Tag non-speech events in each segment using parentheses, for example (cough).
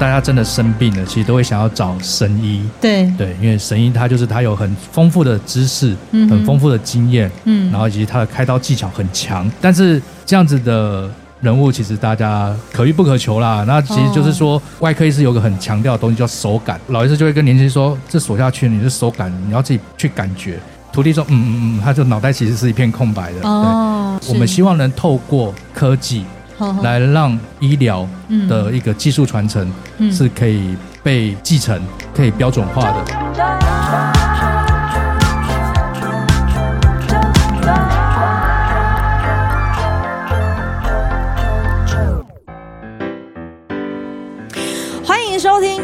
大家真的生病了，其實都會想要找神醫。對對，因為神醫他就是他有很豐富的知識、嗯，很豐富的經驗，嗯，然後以及他的開刀技巧很強。但是這樣子的人物，其實大家可遇不可求啦。那其實就是說，哦、外科醫師是有個很強調的東西叫手感。老醫師就會跟年輕人說：“這鎖下去，你的手感，你要自己去感覺。”徒弟說：“嗯嗯嗯，他、嗯、就腦袋其實是一片空白的。哦”哦，我們希望能透過科技。來讓醫療的一個技術傳承是可以被繼承、可以標準化的。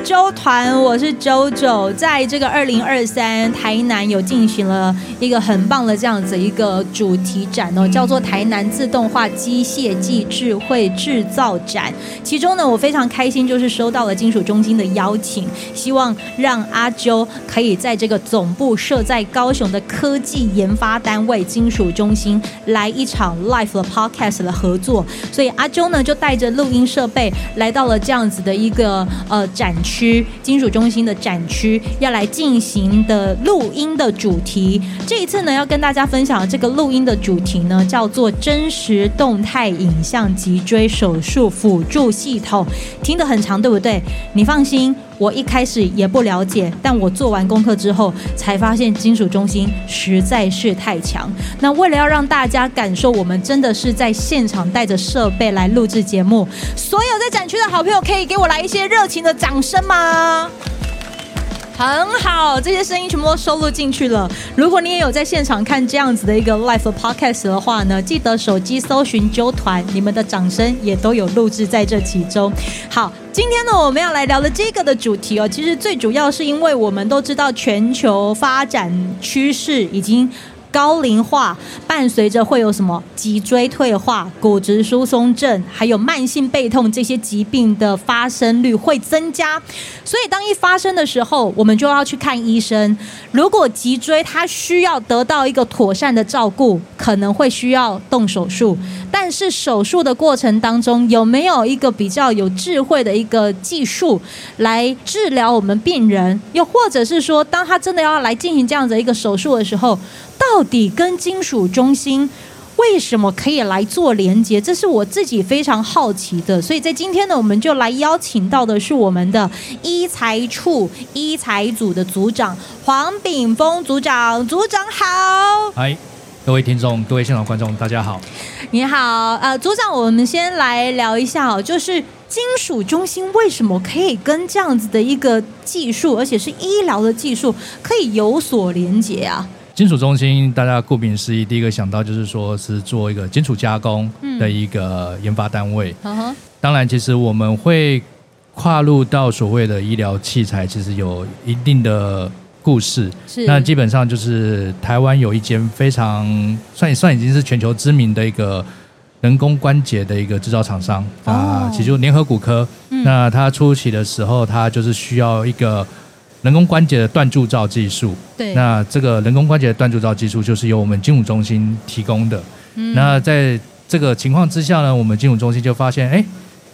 啾團，我是周周，在這個二零二三台南有進行了一個很棒的這樣子一個主題展哦，叫做台南自動化機械暨智慧製造展。其中呢，我非常開心，就是收到了金屬中心的邀請，希望讓阿周可以在這個總部設在高雄的科技研發單位金屬中心來一場 live 的 podcast 的合作。所以阿周呢，就帶着錄音設備來到了這樣子的一個呃展。區金屬中心的展區要來進行的錄音的主題，這一次呢要跟大家分享這個錄音的主題呢叫做真實動態影像脊椎手術輔助系統，聽得很長對不對？你放心。我一開始也不了解，但我做完功課之後才發現金屬中心實在是太強。那為了要讓大家感受，我們真的是在現場帶着設備來錄製節目。所有在展區的好朋友，可以給我來一些熱情的掌聲嗎？很好，這些聲音全部都收錄進去了。如果你也有在現場看這樣子的一個 Live Podcast 的話呢，記得手機搜尋揪團，你們的掌聲也都有錄製在這其中。好，今天呢，我們要來聊的這個的主題哦，其實最主要是因為我們都知道全球發展趨勢已經。高齡化伴隨着會有什麼？脊椎退化、骨質疏鬆症，還有慢性背痛，這些疾病的發生率會增加。所以，當一發生的時候，我們就要去看醫生。如果脊椎它需要得到一個妥善的照顧，可能會需要動手術。但是，手術的過程當中有沒有一個比較有智慧的一個技術來治療我們病人？又或者是說，當他真的要來進行這樣的一個手術的時候，到底跟金屬中心為什麼可以來做連接？這是我自己非常好奇的。所以在今天呢，我們就來邀請到的是我們的醫材處醫材組的組長黃炳峰組長。組長好，哎，各位聽眾，各位現場觀眾，大家好。你好，呃，組長，我們先來聊一下哦，就是金屬中心為什麼可以跟這樣子的一個技術，而且是醫療的技術，可以有所連接啊？金屬中心，大家顧名思義，第一個想到就是說是做一個金屬加工的一個研發單位。當然，其實我們會跨入到所謂的醫療器材，其實有一定的故事。那基本上就是台灣有一間非常算算已經是全球知名的一個人工關節的一個制造廠商啊，其實就是聯合骨科。那他初期的時候，他就是需要一個。人工關節的鍛鑄造技術，對，那這個人工關節的鍛鑄造技術就是由我們金屬中心提供的。那在這個情況之下呢，我們金屬中心就發現，哎，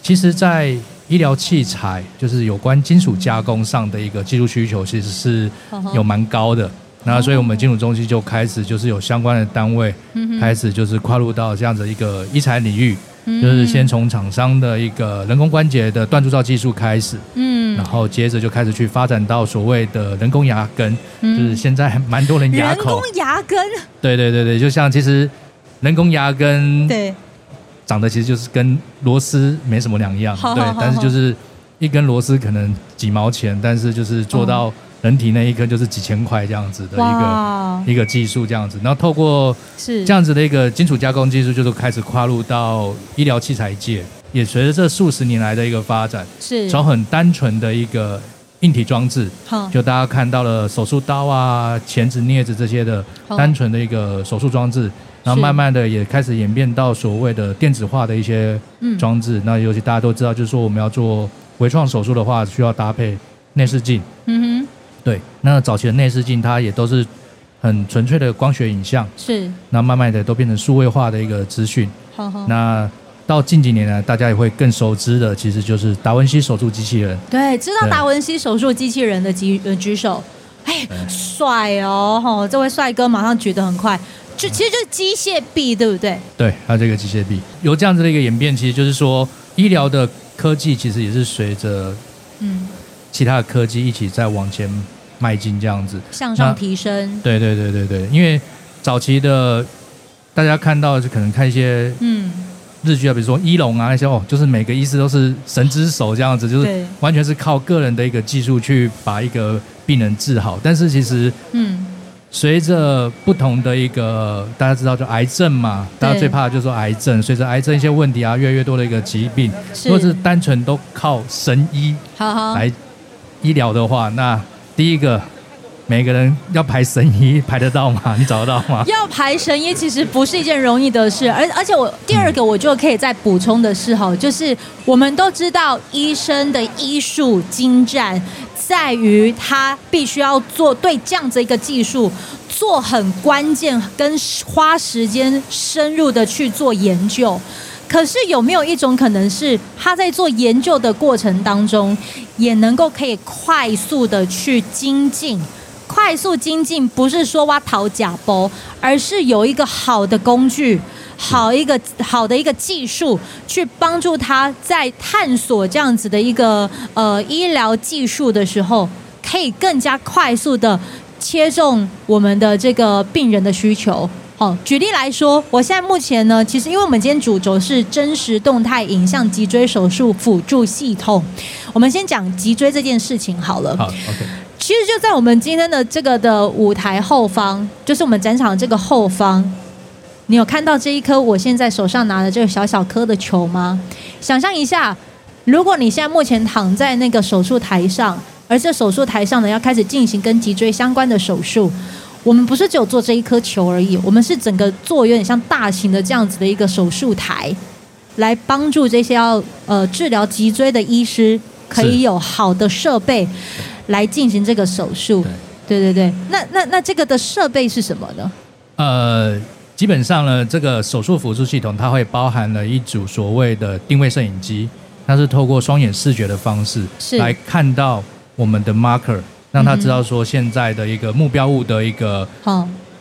其實，在醫療器材就是有關金屬加工上的一個技術需求，其實是有蠻高的。那所以我們金屬中心就開始就是有相關的單位開始就是跨入到這樣子一個醫材領域，就是先從廠商的一個人工關節的鍛鑄造技術開始。然後接着就開始去發展到所謂的人工牙根，嗯、就是現在還蠻多人牙口，人工牙根。對對對對，就像其實人工牙根，對，長得其實就是跟螺絲沒什麼兩樣，對，對好好好，但是就是一根螺絲可能幾毛錢，好好，但是就是做到人體內一根就是幾千塊這樣子的一個一個技術這樣子。然後透過是這樣子的一個金屬加工技術，就是開始跨入到醫療器材界。也隨着這數十年來的一個發展，是從很單純的一個硬體裝置，就大家看到了手術刀啊、鉗子、鑷子這些的單純的一個手術裝置，然後慢慢的也開始演變到所謂的電子化的一些裝置。那、嗯、尤其大家都知道，就是說我們要做微創手術的話，需要搭配內視鏡。嗯哼，對，那早期的內視鏡，它也都是很純粹的光學影像，是。那慢慢的都變成數位化的一個資訊。那。到近幾年來，大家也會更熟知的，其實就是達文西手術機器人。對，知道達文西手術機器人的舉舉手，哎、欸，帥哦！這位帥哥馬上舉得很快，就其實就是機械臂，對不對？對，還有這個機械臂，有這樣子的一個演變，其實就是說醫療的科技其實也是隨着嗯其他的科技一起在往前邁進，這樣子、嗯、向上提升。對對對對對，因為早期的大家看到就可能看一些嗯。日劇啊，比如說醫龍啊那些哦，就是每個醫師都是神之手這樣子，就是完全是靠個人的一個技術去把一個病人治好。但是其實，嗯，隨着不同的一個大家知道，就癌症嘛，大家最怕的就是說癌症。隨着癌症一些問題啊，越來越多的一個疾病，是如果是單純都靠神醫好好來醫療的話，那第一個。每個人要排神醫排得到嗎？你找得到嗎？要排神醫其實不是一件容易的事，而而且我第二個我就可以再補充的是哈、嗯，就是我們都知道醫生的醫術精湛，在於他必須要做對這樣子一個技術做很關鍵，跟花時間深入的去做研究。可是有沒有一種可能是他在做研究的過程當中，也能夠可以快速的去精進？快速精進不是說挖桃假包，而是有一個好的工具，好一個好的一個技術，去幫助他在探索這樣子的一個呃醫療技術的時候，可以更加快速的切中我們的這個病人的需求。好，舉例來說，我現在目前呢，其實因為我們今天主軸是真實動態影像脊椎手術輔助系統，我們先講脊椎這件事情好了。好 okay. 其實就在我們今天的這個的舞台後方，就是我們展場的這個後方，你有看到這一顆我現在手上拿的這個小小顆的球嗎？想象一下，如果你現在目前躺在那個手術台上，而這手術台上呢，要開始進行跟脊椎相關的手術，我們不是只有做這一顆球而已，我們是整個做有點像大型的這樣子的一個手術台，來幫助這些要呃治療脊椎的醫師可以有好的設備。來進行這個手術，對對對，對，那那那這個的設備是什麼呢？呃，基本上呢，這個手術輔助系統它會包含了一組所謂的定位攝影機，它是透過雙眼視覺的方式來看到我們的 marker，讓它知道說現在的一個目標物的一個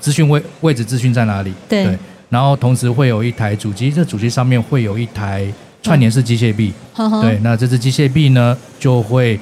資訊位位置資訊在哪裡？對，然後同時會有一台主機，這主機上面會有一台串聯式機械臂。對，那這支機械臂呢就會。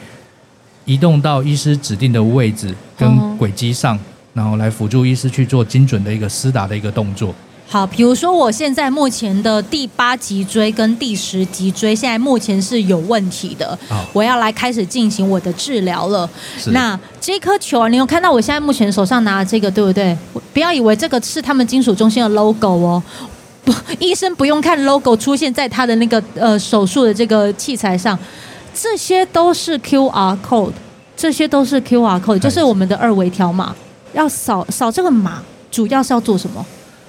移動到醫師指定的位置跟軌跡上，然後來輔助醫師去做精準的一個施打的一個動作。好，比如說我現在目前的第八脊椎跟第十脊椎現在目前是有問題的，我要來開始進行我的治療了。哦。那這顆球啊，你有看到我現在目前手上拿的這個對不對？不要以為這個是他們金屬中心的 logo 哦，不，醫生不用看 logo 出現在他的那個呃手術的這個器材上。這些都是 QR code，這些都是 QR code，就是我們的二維條碼。要掃掃這個碼，主要是要做什麼？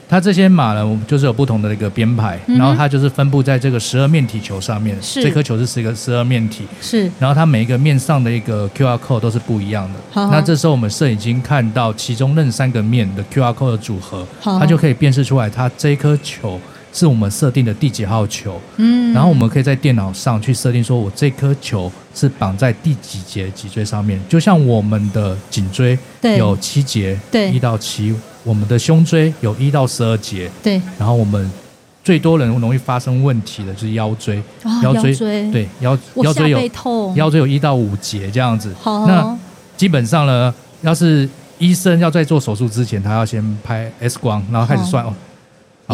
它這些碼呢，我們就是有不同的一個編排，嗯、然後它就是分布在這個十二面體球上面。是，這顆球是十個十二面體。是，然後它每一個面上的一個 QR code 都是不一樣的。好，好，那這時候我們攝影機看到其中任三個面的 QR code 的組合，好好，它就可以辨識出來它這一顆球，是我們設定的第幾號球，嗯，然後我們可以在電腦上去設定，說我這顆球是綁在第幾節脊椎上面，就像我們的頸椎有七節，對，一到七，我們的胸椎有一到十二節，對，然後我們最多人容易發生問題的就是腰椎，腰椎，對，腰椎，腰椎有，腰椎有一到五節這樣子，好，那基本上呢，要是醫生要在做手術之前，他要先拍 X 光，然後開始算哦。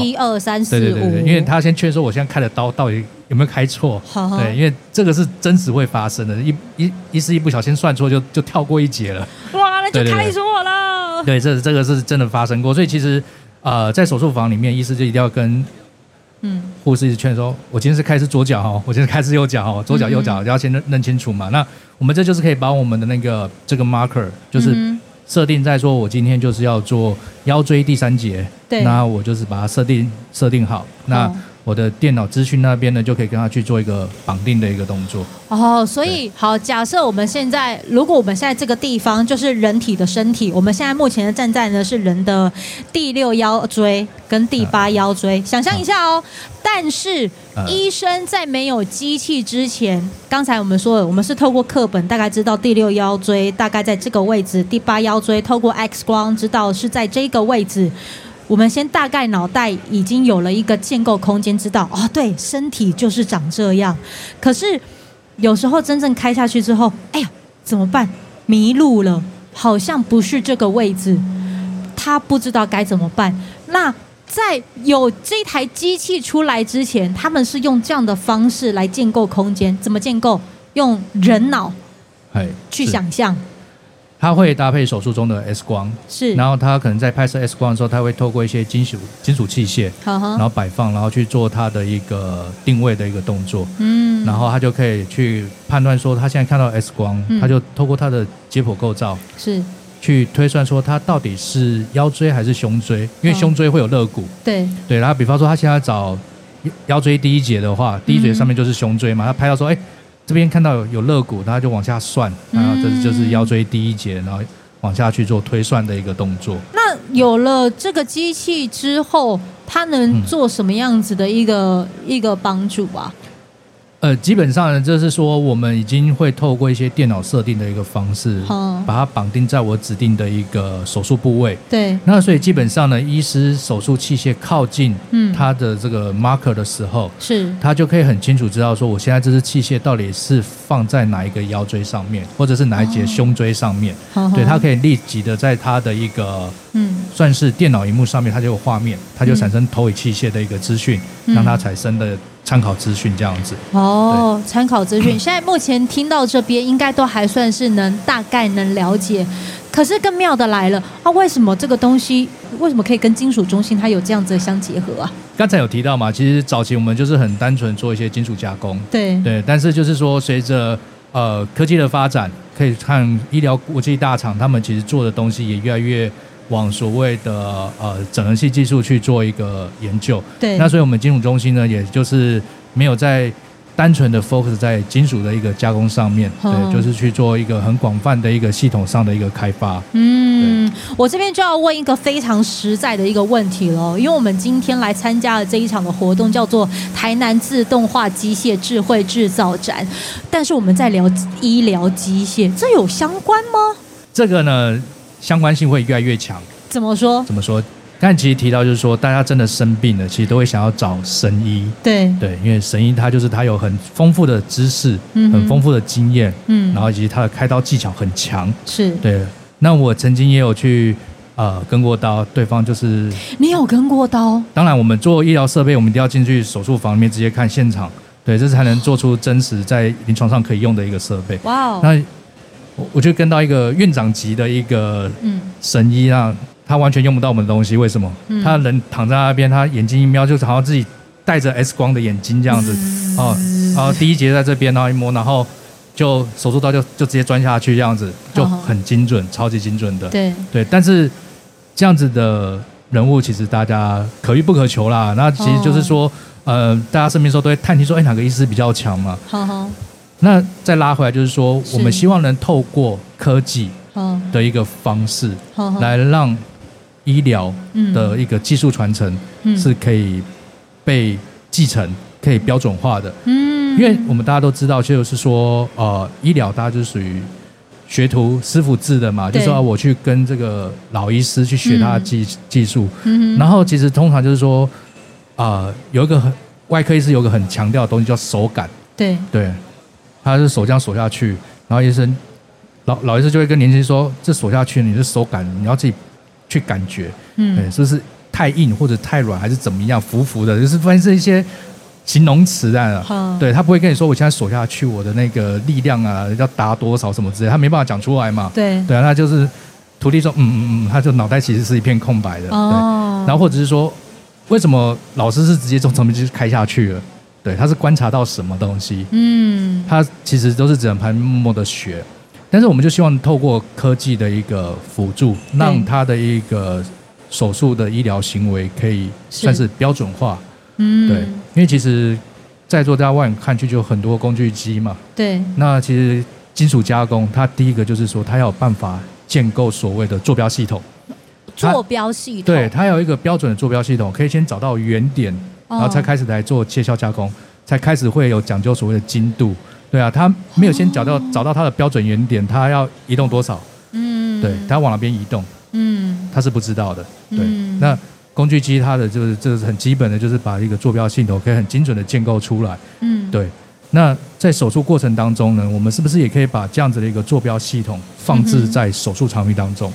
一二三四五，1, 2, 3, 4, 對對對,對因為他先確認說我現在開的刀到底有沒有開錯好好，對，因為這個是真實會發生的，一一一,一時一不小心算錯就就跳過一節了，哇，那就開死我了，對,對,對,對，這個、這個是真的發生過，所以其實呃，在手術房裡面，醫師就一定要跟嗯護士一直勸說，我今天是開始左腳哈、哦，我今天開始右腳哈、哦，左腳右腳、嗯、要先認認清楚嘛，那我們這就是可以把我們的那個這個 marker 就是。嗯設定再說，我今天就是要做腰椎第三節，對。那我就是把它設定設定好，好。那。我的電腦資訊那邊呢，就可以跟他去做一個綁定的一個動作。哦，所以好，假設我們現在，如果我們現在這個地方就是人體的身體，我們現在目前的站在呢是人的第六腰椎跟第八腰椎，uh, 想象一下哦。Uh, 但是醫生在沒有機器之前，剛才我們說了，我們是透過課本大概知道第六腰椎大概在這個位置，第八腰椎透過 X 光知道是在這個位置。我們先大概腦袋已經有了一個建構空間知道。哦，對，身體就是長這樣。可是有時候真正開下去之後，哎呀，怎麼辦？迷路了，好像不是這個位置。他不知道該怎麼辦。那在有這台機器出來之前，他們是用這樣的方式來建構空間。怎麼建構？用人腦，去想象。他會搭配手術中的 X 光，是，然後他可能在拍攝 X 光的時候，他會透過一些金屬金屬器械，然後擺放，然後去做他的一個定位的一個動作，嗯，然後他就可以去判斷說他現在看到 X 光，嗯，他就透過他的解剖構造是去推算說他到底是腰椎還是胸椎，因為胸椎會有肋骨，哦，對對，然後比方說他現在找腰椎第一節的話，第一節上面就是胸椎嘛，嗯，他拍到說哎，誒這邊看到有有肋骨，他就往下算，嗯、然後這就是腰椎第一節，然後往下去做推算的一個動作。那有了這個機器之後，它能做什麼樣子的一個、嗯、一個幫助吧？呃，基本上呢，就是說，我們已經會透過一些電腦設定的一個方式，把它綁定在我指定的一個手術部位。對。那所以基本上呢，醫師手術器械靠近它的這個 marker 的時候，嗯、是，他就可以很清楚知道說，我現在這支器械到底是放在哪一個腰椎上面，或者是哪一節胸椎上面哦。對。它可以立即的在它的一個，嗯，算是電腦熒幕上面，它就有畫面，它就產生投影器械的一個資訊，嗯，讓它產生的。參考資訊這樣子哦，參考資訊。現在目前聽到這邊，應該都還算是能大概能了解。可是更妙的來了，啊，為什麼這個東西為什麼可以跟金屬中心它有這樣子的相結合啊？剛才有提到嘛，其實早期我們就是很單純做一些金屬加工。對對，但是就是說，隨着呃科技的發展，可以看醫療國際大廠，他們其實做的東西也越來越。往所謂的呃整合系技術去做一個研究，對，那所以我們金屬中心呢，也就是沒有在單純的 focus 在金屬的一個加工上面，嗯，對，就是去做一個很廣泛的一個系統上的一個開發。嗯，我這邊就要問一個非常實在的一個問題了，因為我們今天來參加了這一場的活動，叫做台南自動化機械智慧製造展，但是我們在聊醫療機械，這有相關嗎？這個呢？相關性會越來越強，怎麼說？怎麼說？剛才其實提到就是說，大家真的生病了，其實都會想要找神醫。對對，因為神醫他就是他有很豐富的知識，嗯，很豐富的經驗，嗯，然後以及他的開刀技巧很強，嗯。是。對。那我曾經也有去呃跟過刀，對方就是你有跟過刀？當然，我們做醫療設備，我們一定要進去手術房裡面直接看現場，對，這是才能做出真實在臨床上可以用的一個設備。哇哦。那。我我就跟到一個院長級的一個神醫啊，他完全用不到我們的東西，為什麼？他人躺在那邊，他眼睛一瞄，就好像自己戴着 X 光的眼睛這樣子，啊啊！第一節在這邊，然後一摸，然後就手術刀就就直接鑽下去，這樣子就很精準，超級精準的。對對，但是這樣子的人物其實大家可遇不可求啦。那其實就是說，呃，大家生病的時候都會探聽說，哎，哪個醫師比較強嘛？好好。那再拉回來，就是說，我們希望能透過科技的一個方式，來讓醫療的一個技術傳承是可以被繼承、可以標準化的。嗯，因為我們大家都知道，就是說，呃，醫療大家就屬於學徒師傅制的嘛，就是說我去跟這個老醫師去學他的技技術。嗯，然後其實通常就是說，啊，有一個很外科醫師有一個很強調的東西叫手感。對對。他是手這樣鎖下去，然後醫生老老醫生就會跟年輕人說，這鎖下去你的手感，你要自己去感覺，嗯，是不是太硬或者太軟還是怎麼樣，浮浮的，就是反正是一些形容詞啊。對，對他不會跟你說，我現在鎖下去我的那個力量啊，要達多少什麼之類，他沒辦法講出來嘛。對對啊，他就是徒弟說，嗯嗯嗯，他就腦袋其實是一片空白的。對哦，然後或者是說，為什麼老師是直接從層面就開下去了？對，他是觀察到什麼東西？嗯，他其實都是只能旁默默的學，但是我們就希望透過科技的一個輔助，讓他的一個手術的醫療行為可以算是標準化。嗯，對，因為其實在座大家往外看去就很多工具機嘛，對，那其實金屬加工，它第一個就是說，它要有辦法建構所謂的坐標系統，坐標系，對，它有一個標準的坐標系統，可以先找到原點。然後才開始來做切削加工，才開始會有講究所謂的精度，對啊，他沒有先找到找到他的標準原點，他要移動多少？嗯，對，他往哪邊移動？嗯，他是不知道的。對，那工具機它的就是就是很基本的，就是把一個坐標系統可以很精準的建構出來。嗯，對。那在手術過程當中呢，我們是不是也可以把這樣子的一個坐標系統放置在手術場域當中？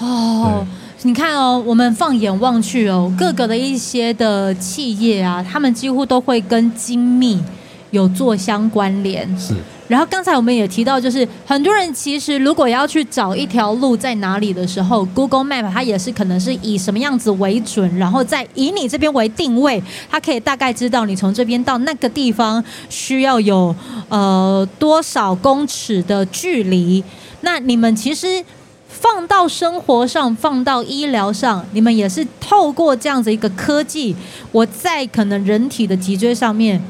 哦。你看哦，我們放眼望去哦，各個的一些的企業啊，他們幾乎都會跟精密有做相關聯。是。然後剛才我們也提到，就是很多人其實如果要去找一條路在哪裡的時候，嗯，Google Map 它也是可能是以什麼樣子為準，然後再以你這邊為定位，它可以大概知道你從這邊到那個地方需要有呃多少公尺的距離。那你們其實。放到生活上，放到醫療上，你們也是透過這樣子一個科技，我在可能人體的脊椎上面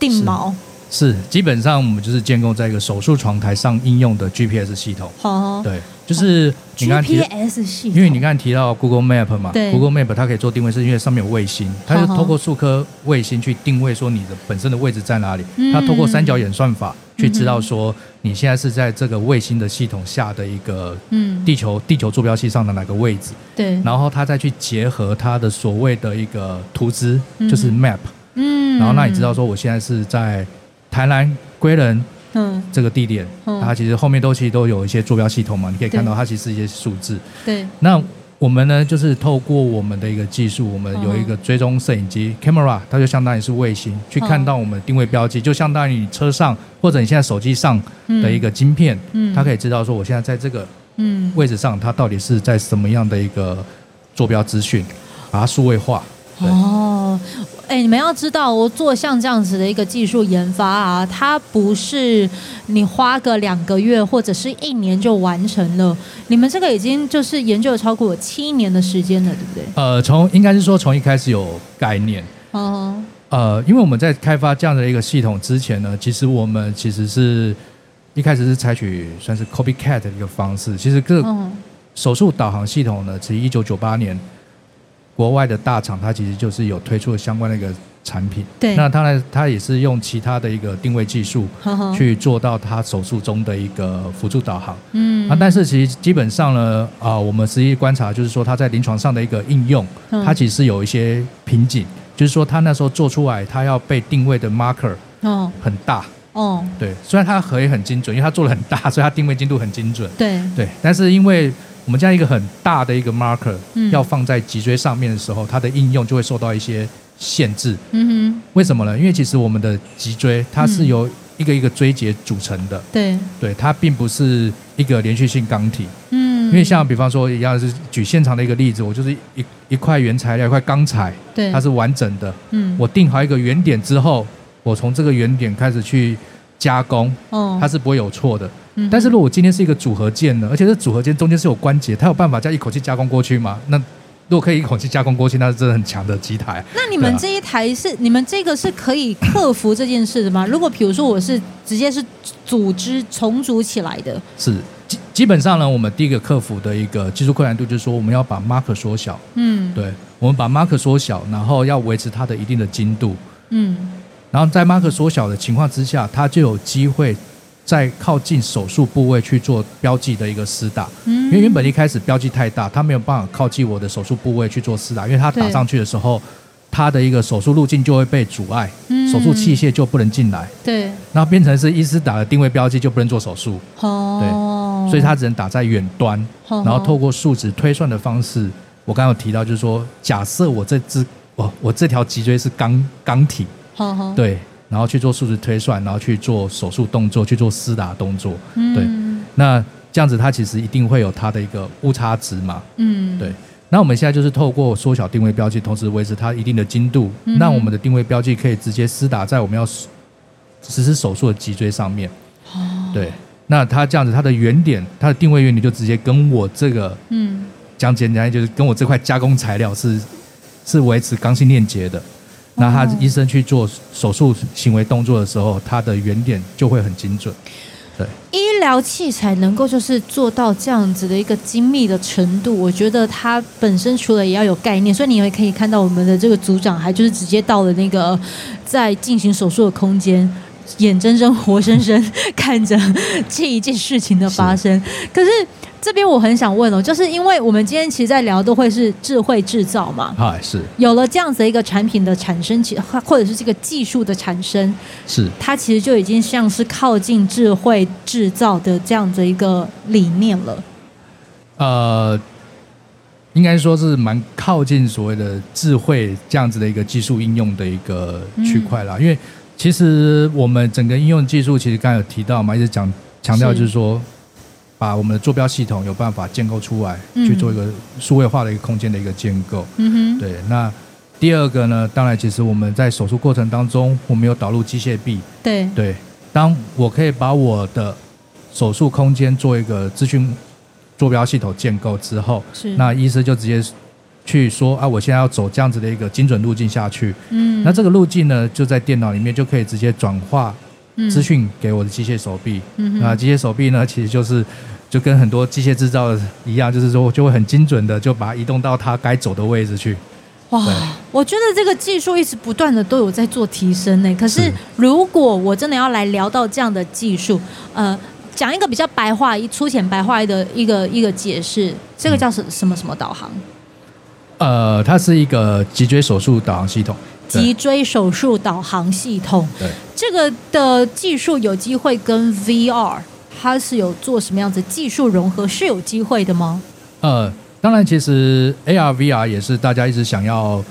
定錨。是，基本上我們就是建構在一個手術床台上應用的 GPS 系統。好好，對，就是你看 GPS 系統，因為你剛才提到 Google Map 嘛，對，Google Map 它可以做定位，是因為上面有衛星，它是透過數顆衛星去定位說你的本身的位置在哪裡，好好，它透過三角演算法去知道說。你現在是在這個衛星的系統下的一個，嗯，地球地球坐標系上的哪個位置？對。然後它再去結合它的所謂的一個圖資，嗯、就是 map，嗯。然後那你知道說我現在是在台南歸仁，嗯，這個地點，嗯嗯，它其實後面都其實都有一些坐標系統嘛，嗯、你可以看到它其實是一些數字，對。那、嗯我們呢，就是透過我們的一個技術，我們有一個追蹤攝影機 camera，它就相當於是衛星去看到我們定位標記，就相當於你車上或者你現在手機上的一個晶片，它可以知道說我現在在這個位置上，它到底是在什麼樣的一個坐標資訊，把它數位化。哦。哎，你們要知道，我做像這樣子的一個技術研發啊，它不是你花個兩個月或者是一年就完成了。你們這個已經就是研究了超過七年的時間了，對不對？呃，從應該是說從一開始有概念。哦、uh-huh。呃，因為我們在開發這樣的一個系統之前呢，其實我們其實是一開始是採取算是 copycat 的一個方式。其實，這個手術導航系統呢，其實一九九八年。國外的大廠，它其實就是有推出了相關的一個產品。對，那當然，它也是用其他的一個定位技術去做到它手術中的一個輔助導航。嗯，啊，但是其實基本上呢，啊，我們實際觀察就是說，它在臨床上的一個應用，它、嗯、其實有一些瓶頸，就是說它那時候做出來，它要被定位的 marker 哦很大哦，哦，對，雖然它可以很精準，因為它做得很大，所以它定位精度很精準。對對，但是因為我們將一個很大的一個 marker，要放在脊椎上面的時候，它的應用就會受到一些限制。為什麼呢？因為其實我們的脊椎它是由一個一個椎節組成的。對，對，它並不是一個連續性鋼體。嗯，因為像比方說一樣是舉現場的一個例子，我就是一一塊原材料，一塊鋼材，它是完整的。嗯，我定好一個原點之後，我從這個原點開始去加工，哦，它是不會有錯的，嗯。但是如果今天是一個組合件呢？而且這組合件中間是有關節，它有辦法加一口氣加工過去嗎？那如果可以一口氣加工過去，那是真的很強的機台。那你們這一台是你們這個是可以克服這件事的嗎？如果比如說我是直接是組織重組起來的，是基基本上呢，我們第一個克服的一個技術困難度就是說，我們要把 mark 縮小，嗯，對，我們把 mark 縮小，然後要維持它的一定的精度，嗯。然後在馬克縮小的情況之下，他就有機會再靠近手術部位去做標記的一個施打。因為原本一開始標記太大，他沒有辦法靠近我的手術部位去做施打，因為他打上去的時候，他的一個手術路徑就會被阻礙，手術器械就不能進來。對，那變成是醫師打的定位標記就不能做手術。對，所以他只能打在遠端，然後透過數值推算的方式。我剛剛有提到就是說，假設我這只哦，我這條脊椎是剛剛體。好好，對，然後去做數值推算，然後去做手術動作，去做施打動作、嗯。對，那這樣子它其實一定會有它的一個誤差值嘛。嗯，對。那我們現在就是透過縮小定位標記，同時維持它一定的精度，那、嗯、我們的定位標記可以直接施打在我們要實施手術的脊椎上面。哦，對。那它這樣子，它的原點，它的定位原理就直接跟我這個，嗯，講簡單就是跟我這塊加工材料是是維持剛性鏈接的。那他醫生去做手術行為動作的時候，他的原點就會很精準。對，醫療器材能夠就是做到這樣子的一個精密的程度，我覺得它本身除了也要有概念。所以你也可以看到我們的這個組長還就是直接到了那個在進行手術的空間，眼睜睜、活生生看着這一件事情的發生，可是。這邊我很想問哦，就是因為我們今天其實在聊都會是智慧製造嘛，哎是，有了這樣子的一個產品的產生，其或者是這個技術的產生，是它其實就已經像是靠近智慧製造的這樣子一個理念了。呃，應該說是蠻靠近所謂的智慧這樣子的一個技術應用的一個區塊啦，因為其實我們整個應用技術其實剛才有提到嘛，一直講強調就是說。是把我們的坐標系統有辦法建構出來，嗯，去做一個數位化的一個空間的一個建構。嗯哼。對，那第二個呢？當然，其實我們在手術過程當中，我們有導入機械臂。對。對，當我可以把我的手術空間做一個資訊坐標系統建構之後，是。那醫師就直接去說啊，我現在要走這樣子的一個精準路徑下去。嗯。那這個路徑呢，就在電腦裡面就可以直接轉化。資訊給我的機械手臂，啊、嗯，那機械手臂呢，其實就是就跟很多機械製造一樣，就是說我就會很精準的，就把它移動到它該走的位置去。哇，我覺得這個技術一直不斷的都有在做提升呢。可是如果我真的要來聊到這樣的技術，呃，講一個比較白話、一粗淺白話的一個一個解釋，這個叫什什麼什麼導航、嗯？呃，它是一個脊椎手術導航系統。脊椎手術導航系統對。這個的技術有機會跟 VR，它是有做什麼樣子技術融合，是有機會的嗎？呃，當然，其實 AR、VR 也是大家一直想要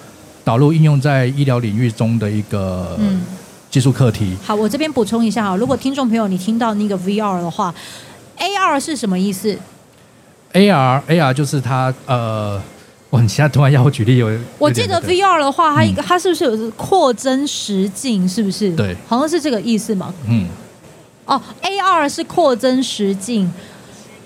導入應用在醫療領域中的一個技術課題。嗯、好，我這邊補充一下哈，如果聽眾朋友你聽到那個 VR 的話，AR 是什麼意思？AR，AR AR 就是它呃。哇，你其他突然要我舉例，我我記得 V R 的話，它它、嗯、是不是有擴增實境？是不是？對，好像是這個意思嗎？嗯，哦、oh,，A R 是擴增實境。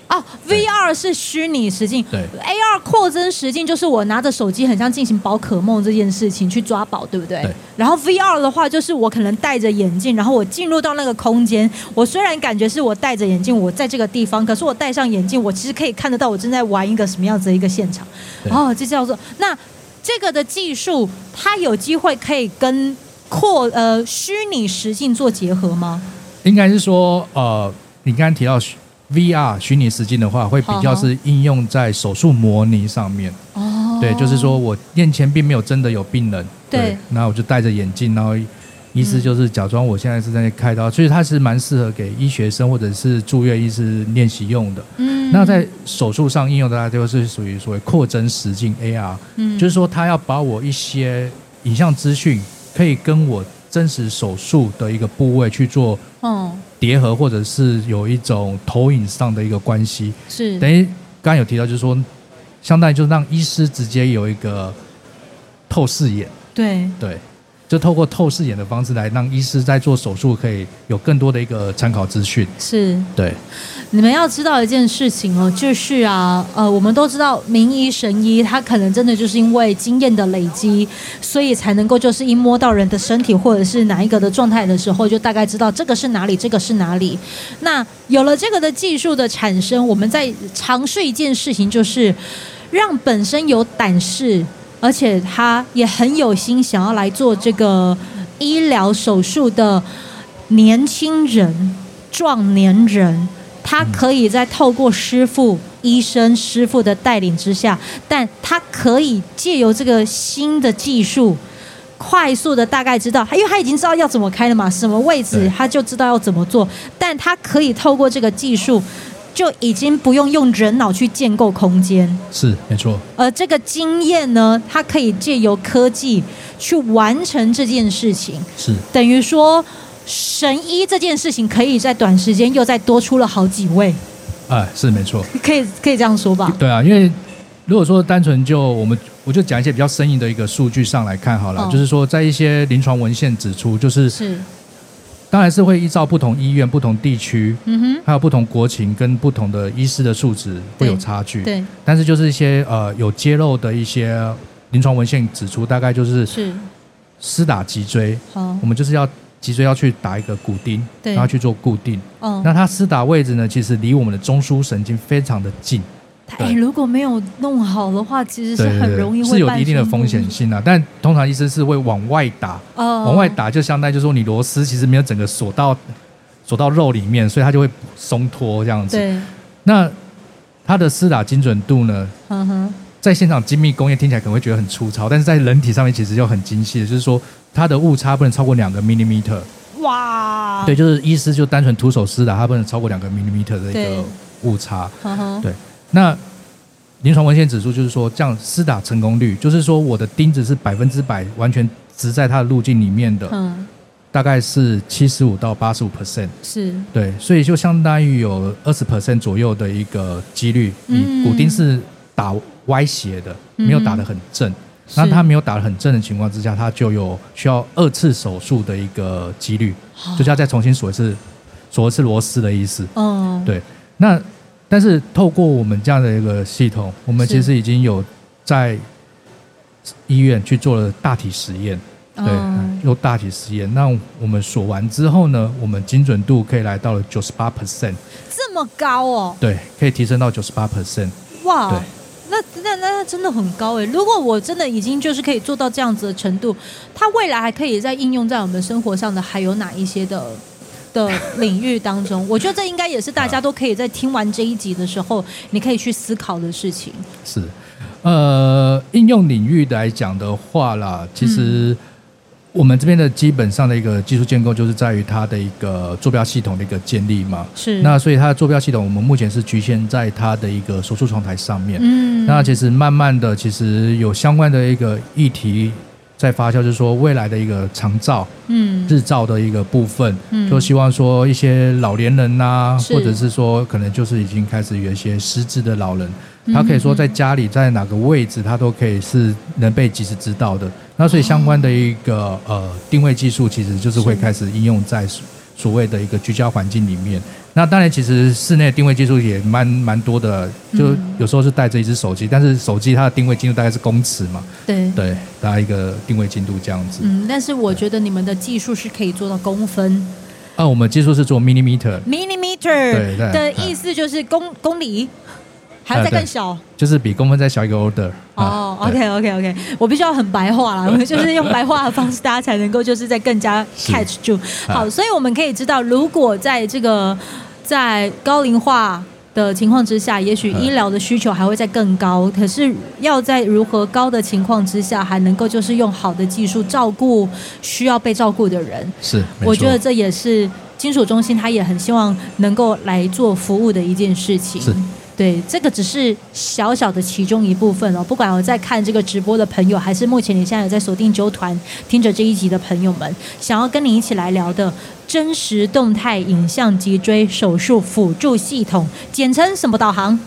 哦、oh,，VR 是虛擬實境，AR 擴增實境，就是我拿着手機，很像進行寶可夢這件事情去抓寶，對不對？對，然後 VR 的話，就是我可能戴着眼鏡，然後我進入到那個空間。我雖然感覺是我戴着眼鏡，我在這個地方，可是我戴上眼鏡，我其實可以看得到我正在玩一個什麼樣子的一個現場。哦，oh, 這叫做那這個的技術，它有機會可以跟擴呃虛擬實境做結合嗎？應該是說呃，你剛剛提到。VR 虛擬實境的話，會比較是應用在手術模擬上面。哦，對，就是說我面前並沒有真的有病人，對，那我就戴着眼鏡，然後醫師就是假裝我現在是在那開刀，嗯，所以它是蠻適合給醫學生或者是住院醫師練習用的。嗯，那在手術上應用的，它就是屬於所謂擴增實境 AR，嗯，就是說它要把我一些影像資訊，可以跟我真實手術的一個部位去做，嗯。疊合，或者是有一種投影上的一個關係，是等於剛剛有提到，就是說，相當於就是讓醫師直接有一個透視眼，對對。就透過透視眼的方式來，讓醫師在做手術可以有更多的一個參考資訊。是，對。你們要知道一件事情哦，就是啊，呃，我們都知道名醫神醫，他可能真的就是因為經驗的累積，所以才能夠就是一摸到人的身體或者是哪一個的狀態的時候，就大概知道這個是哪裡，這個是哪裡。那有了這個的技術的產生，我們在嘗試一件事情，就是讓本身有膽識。而且他也很有心，想要來做這個醫療手術的年輕人、壯年人，他可以在透過師傅、醫生、師傅的帶領之下，但他可以借由這個新的技術，快速的大概知道，因為他已經知道要怎麼開了嘛，什麼位置他就知道要怎麼做，但他可以透過這個技術。就已經不用用人腦去建構空間，是沒錯。而這個經驗呢，它可以借由科技去完成這件事情，是等於說神醫這件事情可以在短時間又再多出了好幾位。哎、呃，是沒錯，可以可以這樣說吧？對啊，因為如果說單純就我們，我就講一些比較生硬的一個數據上來看好了、哦，就是說在一些臨床文獻指出，就是是。當然是會依照不同醫院、不同地區，嗯哼，還有不同國情跟不同的醫師的素質會有差距。對，但是就是一些呃有揭露的一些臨床文獻指出，大概就是是施打脊椎，我們就是要脊椎要去打一個骨釘，對，然後去做固定。哦，那它施打位置呢，其實離我們的中樞神經非常的近。哎、欸，如果沒有弄好的話，其實是很容易會對對對是有一定的風險性的、啊，但通常醫師是會往外打，uh, 往外打就相當於就是說你螺絲其實沒有整個鎖到鎖到肉裡面，所以它就會鬆脫這樣子。對，那它的施打精準度呢、uh -huh？在現場精密工業聽起來可能會覺得很粗糙，但是在人體上面其實就很精細的，就是說它的誤差不能超過兩個 millimeter。哇、wow，對，就是醫師就單純徒手施打，它不能超過兩個 millimeter 的一個誤差、uh -huh。對。那臨床文獻指數就是說，這樣施打成功率就是說，我的釘子是百分之百完全植在它的路徑裡面的，大概是七十五到八十五 percent，是對，所以就相當於有二十 percent 左右的一個幾率，骨釘是打歪斜的，沒有打得很正，那它沒有打得很正的情況之下，它就有需要二次手術的一個幾率，就是要再重新鎖一次，鎖一次螺絲的意思，哦，對，那。但是透過我們這樣的一個系統，我們其實已經有在醫院去做了大體實驗，對，有大體實驗。那我們鎖完之後呢，我們精準度可以來到了九十八 percent，這麼高哦？對，可以提升到九十八 percent。對哦、哇，那那那那真的很高哎！如果我真的已經就是可以做到這樣子的程度，它未來還可以再應用在我們生活上的還有哪一些的？的領域當中，我覺得這應該也是大家都可以在聽完這一集的時候，你可以去思考的事情。是，呃，應用領域來講的話啦，其實我們這邊的基本上的一個技術建構，就是在於它的一個坐標系統的一個建立嘛。是，那所以它的坐標系統，我們目前是局限在它的一個手術床台上面。嗯，那其實慢慢的，其實有相關的一個議題。在發酵，就是說未來的一個長照、嗯日照的一個部分，嗯，就希望說一些老年人啊，或者是說可能就是已經開始有一些失智的老人，他可以說在家裡在哪個位置，他都可以是能被及時知道的。那所以相關的一個呃定位技術，其實就是會開始應用在。所謂的一個居家環境裡面，那當然其實室內定位技術也蠻蠻多的，就有時候是帶着一支手機，但是手機它的定位精度大概是公尺嘛，對對，大概一個定位精度這樣子。嗯，但是我覺得你們的技術是可以做到公分。啊，我們技術是做 millimeter millimeter 的意思就是公公釐。還要再更小，uh，就是比公分再小一個 order。哦，oh，OK，OK，OK okay, okay, okay。我必須要很白話了，我 (laughs) 們就是用白話的方式，大家才能夠就是在更加 catch 住。好，uh. 所以我們可以知道，如果在這個在高齡化的情況之下，也許醫療的需求還會再更高。Uh. 可是要在如何高的情況之下，還能夠就是用好的技術照顧需要被照顧的人，是，沒錯。我覺得這也是金屬中心他也很希望能夠來做服務的一件事情。對，這個只是小小的其中一部分哦。不管我在看這個直播的朋友，還是目前你現在有在鎖定啾團聽着這一集的朋友們，想要跟你一起來聊的真實動態影像脊椎手術輔助系統，簡稱什麼導航？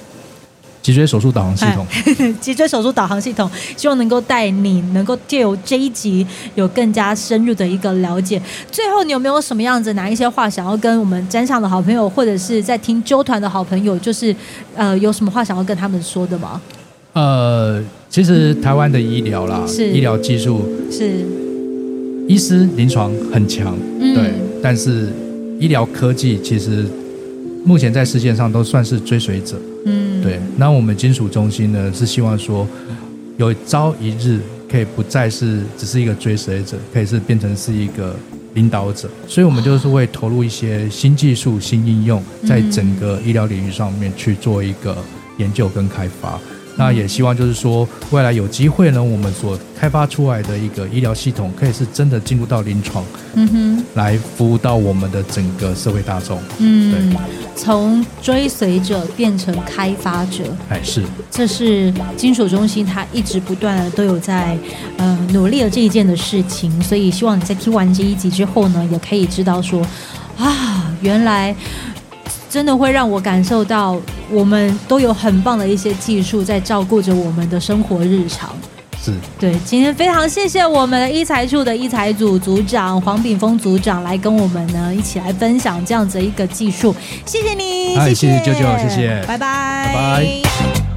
脊椎手術導航系統， (laughs) 脊椎手術導航系統，希望能夠帶你能夠借由這一集有更加深入的一個了解。最後，你有沒有什麼樣子，哪一些話想要跟我們展場的好朋友，或者是在聽啾團的好朋友，就是呃，有什麼話想要跟他們說的嗎？呃，其實台灣的醫療啦、嗯醫，是，醫療技術是，醫師臨床很強，嗯，對，但是醫療科技其實目前在世界上都算是追隨者。嗯，對，那我們金屬中心呢是希望說，有朝一日可以不再是只是一個追隨者，可以是變成是一個領導者，所以我們就是會投入一些新技術、新應用，在整個醫療領域上面去做一個研究跟開發。那也希望就是說，未來有機會呢，我們所開發出來的一個醫療系統，可以是真的進入到臨床，嗯哼，來服務到我們的整個社會大眾。嗯對，從追隨者變成開發者，哎，是，這是金屬中心，它一直不斷的都有在呃努力了這一件的事情，所以希望你在聽完這一集之後呢，也可以知道說啊，原來。真的會讓我感受到，我們都有很棒的一些技術在照顧着我們的生活日常。是，對，今天非常謝謝我們醫材處的醫材組組長黃炳峰組長來跟我們呢一起來分享這樣子的一個技術謝謝，謝謝你，謝謝，謝謝，拜拜，拜拜。